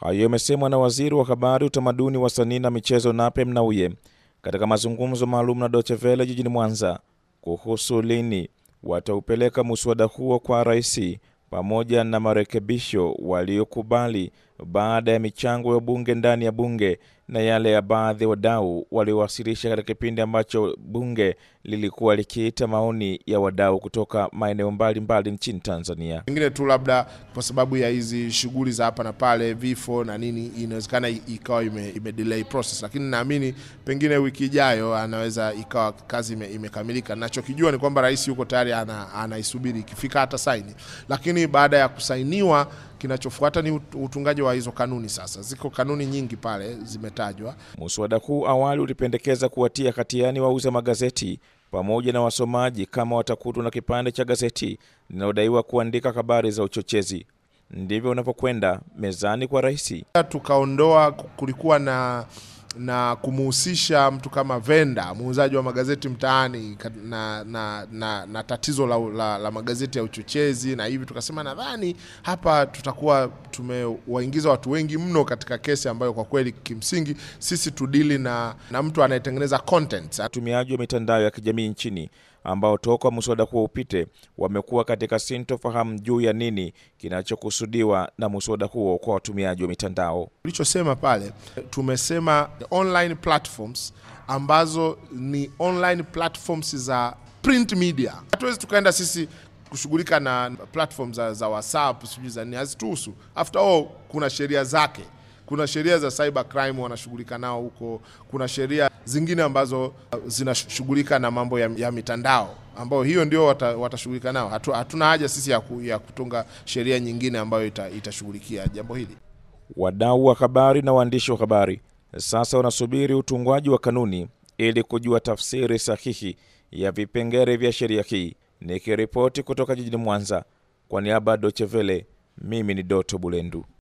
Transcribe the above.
Hayo yamesemwa na waziri wa habari, utamaduni, wasanii na michezo Nape Mnauye katika mazungumzo maalum na Deutsche Welle jijini Mwanza kuhusu lini wataupeleka muswada huo kwa rais pamoja na marekebisho waliokubali baada ya michango ya bunge ndani ya bunge na yale ya baadhi ya wadau waliowasilisha katika kipindi ambacho bunge lilikuwa likiita maoni ya wadau kutoka maeneo mbalimbali nchini Tanzania. Pengine tu labda kwa sababu ya hizi shughuli za hapa na pale, vifo na nini, inawezekana ikawa ime, ime delay process, lakini naamini pengine wiki ijayo anaweza ikawa kazi ime, imekamilika. Nachokijua ni kwamba rais yuko tayari anaisubiri ana ikifika hata saini, lakini baada ya kusainiwa Kinachofuata ni utungaji wa hizo kanuni. Sasa ziko kanuni nyingi pale zimetajwa. Muswada huu awali ulipendekeza kuwatia hatiani wauza magazeti pamoja na wasomaji kama watakutwa na kipande cha gazeti linalodaiwa kuandika habari za uchochezi. Ndivyo unavyokwenda mezani kwa rais. Tukaondoa, kulikuwa na na kumuhusisha mtu kama venda muuzaji wa magazeti mtaani na, na, na, na tatizo la, la, la magazeti ya uchochezi na hivi, tukasema nadhani hapa tutakuwa tumewaingiza watu wengi mno katika kesi ambayo kwa kweli kimsingi sisi tudili na, na mtu anayetengeneza content. wa mitandao ya kijamii nchini ambao toka muswada huo upite wamekuwa katika sintofahamu juu ya nini kinachokusudiwa na muswada huo kwa watumiaji wa mitandao. Tulichosema pale, tumesema online platforms ambazo ni online platforms za print media. Hatuwezi tukaenda sisi kushughulika na platform za, za WhatsApp sijui za nini, hazituhusu. After all kuna sheria zake. Kuna sheria za cyber crime wanashughulika nao huko, kuna sheria zingine ambazo uh, zinashughulika na mambo ya, ya mitandao ambayo hiyo ndio watashughulika nao. Hatu, hatuna haja sisi ya, ku, ya kutunga sheria nyingine ambayo itashughulikia jambo hili. Wadau wa habari na waandishi wa habari sasa wanasubiri utungwaji wa kanuni ili kujua tafsiri sahihi ya vipengele vya sheria hii. Nikiripoti kutoka jijini Mwanza kwa niaba ya Dochevele, mimi ni Doto Bulendu.